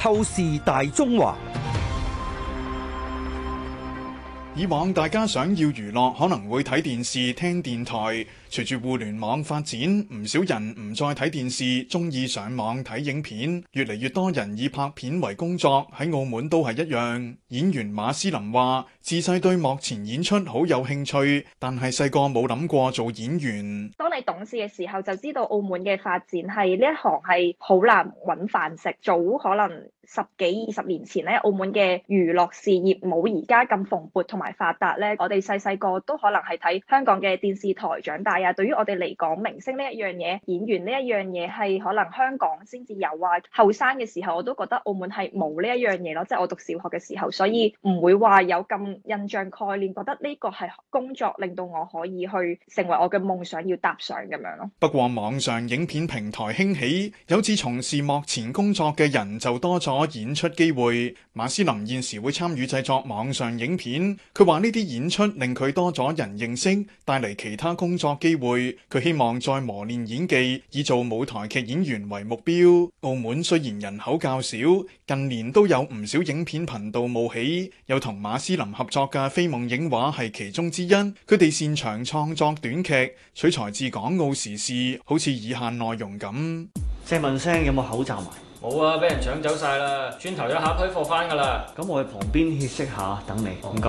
透視大中華。以往大家想要娛樂可能會睇電視聽電台，隨住互聯網發展，唔少人唔再睇電視，中意上網睇影片。越嚟越多人以拍片為工作，喺澳門都係一樣。演員馬思琳話：自細對幕前演出好有興趣，但係細個冇諗過做演員。當你懂事嘅時候，就知道澳門嘅發展係呢一行係好難揾飯食。早可能十幾二十年前咧，澳門嘅娛樂事業冇而家咁蓬勃同。埋發達咧，我哋細細個都可能係睇香港嘅電視台長大啊！對於我哋嚟講，明星呢一樣嘢，演員呢一樣嘢係可能香港先至有啊。後生嘅時候，我都覺得澳門係冇呢一樣嘢咯，即係我讀小學嘅時候，所以唔會話有咁印象概念，覺得呢個係工作令到我可以去成為我嘅夢想要踏上咁樣咯。不過網上影片平台興起，有次從事幕前工作嘅人就多咗演出機會。馬思林現時會參與製作網上影片。佢話呢啲演出令佢多咗人認識，帶嚟其他工作機會。佢希望再磨練演技，以做舞台劇演員為目標。澳門雖然人口較少，近年都有唔少影片頻道冒起，有同馬斯林合作嘅《飛夢影畫》係其中之一。佢哋擅長創作短劇，取材自港澳時事，好似以下內容咁。借問聲，有冇口罩買？冇啊，俾人搶走晒啦！轉頭一下批貨翻噶啦，咁我喺旁邊歇息下，等你。唔該。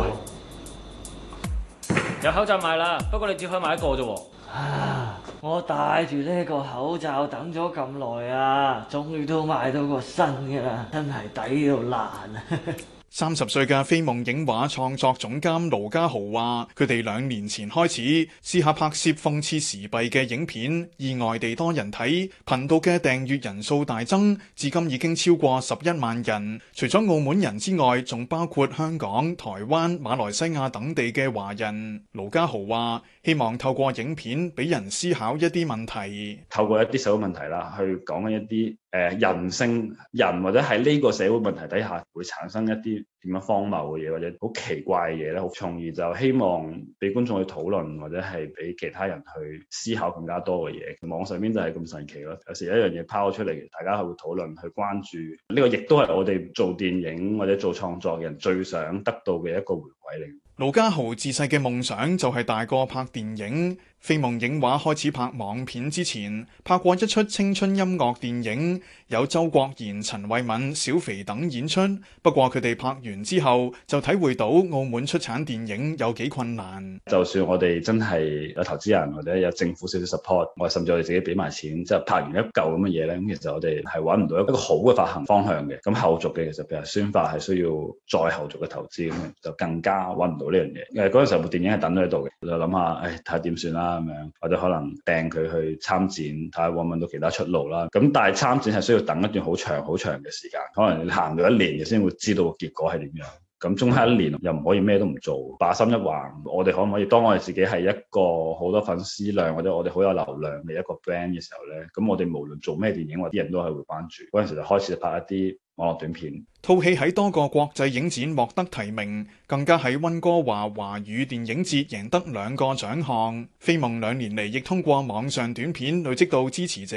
謝。謝謝，有口罩買啦，不過你只可以買一個啫喎。啊！我戴住呢個口罩等咗咁耐啊，終於都買到個新嘅啦，真係抵到爛啊！ 三十歲嘅飛夢影畫創作總監盧家豪話，佢哋兩年前開始試下拍攝諷刺時弊嘅影片，意外地多人睇，頻道嘅訂閱人數大增，至今已經超過十一萬人。除咗澳門人之外，仲包括香港、台灣、馬來西亞等地嘅華人。盧家豪話。希望透過影片畀人思考一啲問題，透過一啲社會問題喇，去講一啲、呃、人性，人或者喺呢個社會問題底下會產生一啲。點樣荒謬嘅嘢，或者好奇怪嘅嘢咧，好從而就希望俾觀眾去討論，或者係俾其他人去思考更加多嘅嘢。網上邊就係咁神奇咯，有時一樣嘢拋咗出嚟，大家係會討論、去關注。呢個亦都係我哋做電影或者做創作嘅人最想得到嘅一個回饋嚟。盧家豪自細嘅夢想就係大個拍電影。飛夢影畫開始拍網片之前，拍過一出青春音樂電影，有周國賢、陳慧敏、小肥等演出。不過佢哋拍完之後就體會到澳門出產電影有幾困難。就算我哋真係有投資人或者有政府少少 support，我甚至我哋自己俾埋錢，即係拍完一嚿咁嘅嘢咧，咁其實我哋係搵唔到一個好嘅發行方向嘅。咁後續嘅其實譬如宣發係需要再後續嘅投資，咁就更加搵唔到呢樣嘢。誒，嗰陣時部電影係等咗喺度嘅，就諗下，誒，睇下點算啦。咁樣或者可能掟佢去參展，睇下揾唔揾到其他出路啦。咁但係參展係需要等一段好長好長嘅時間，可能你行到一年你先會知道個結果係點樣？咁中間一年又唔可以咩都唔做，把心一橫，我哋可唔可以當我哋自己係一個好多粉絲量或者我哋好有流量嘅一個 brand 嘅時候咧？咁我哋無論做咩電影，或啲人都係會關注。嗰陣時就開始拍一啲網絡短片，套戲喺多個國際影展獲得提名。更加喺温哥華華語電影節贏得兩個獎項。飛夢兩年嚟亦通過網上短片累積到支持者。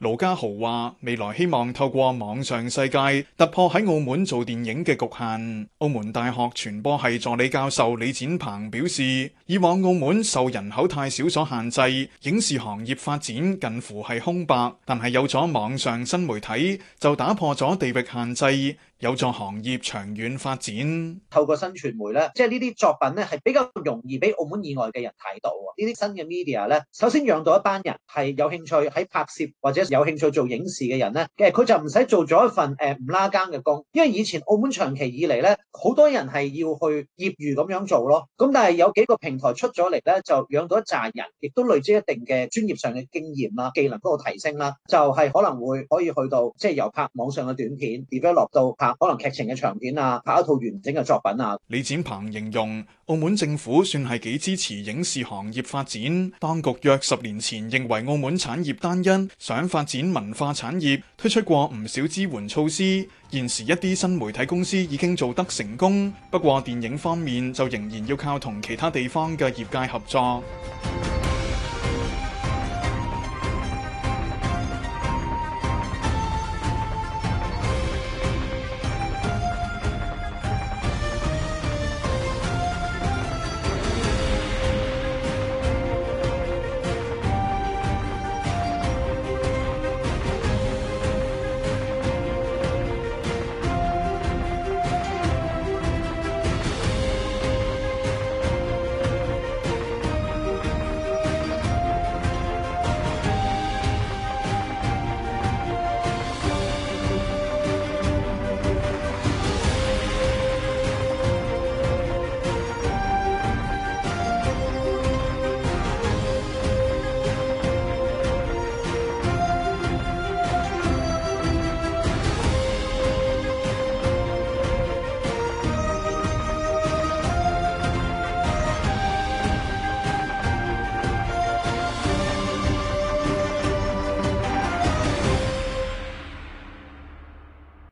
盧家豪話：未來希望透過網上世界突破喺澳門做電影嘅局限。澳門大學傳播系助理教授李展鵬表示：以往澳門受人口太少所限制，影視行業發展近乎係空白。但係有咗網上新媒體，就打破咗地域限制。有助行業長遠發展。透過新傳媒咧，即係呢啲作品咧係比較容易俾澳門以外嘅人睇到。呢啲新嘅 media 咧，首先養到一班人係有興趣喺拍攝或者有興趣做影視嘅人咧，嘅佢就唔使做咗一份誒唔、呃、拉更嘅工，因為以前澳門長期以嚟咧，好多人係要去業餘咁樣做咯。咁但係有幾個平台出咗嚟咧，就養到一紮人，亦都累積一定嘅專業上嘅經驗啦、技能嗰度提升啦，就係、是、可能會可以去到即係、就是、由拍網上嘅短片 develop 落到拍。可能劇情嘅長片啊，拍一套完整嘅作品啊。李展鵬形容，澳門政府算係幾支持影視行業發展。當局約十年前認為澳門產業單一，想發展文化產業，推出過唔少支援措施。現時一啲新媒體公司已經做得成功，不過電影方面就仍然要靠同其他地方嘅業界合作。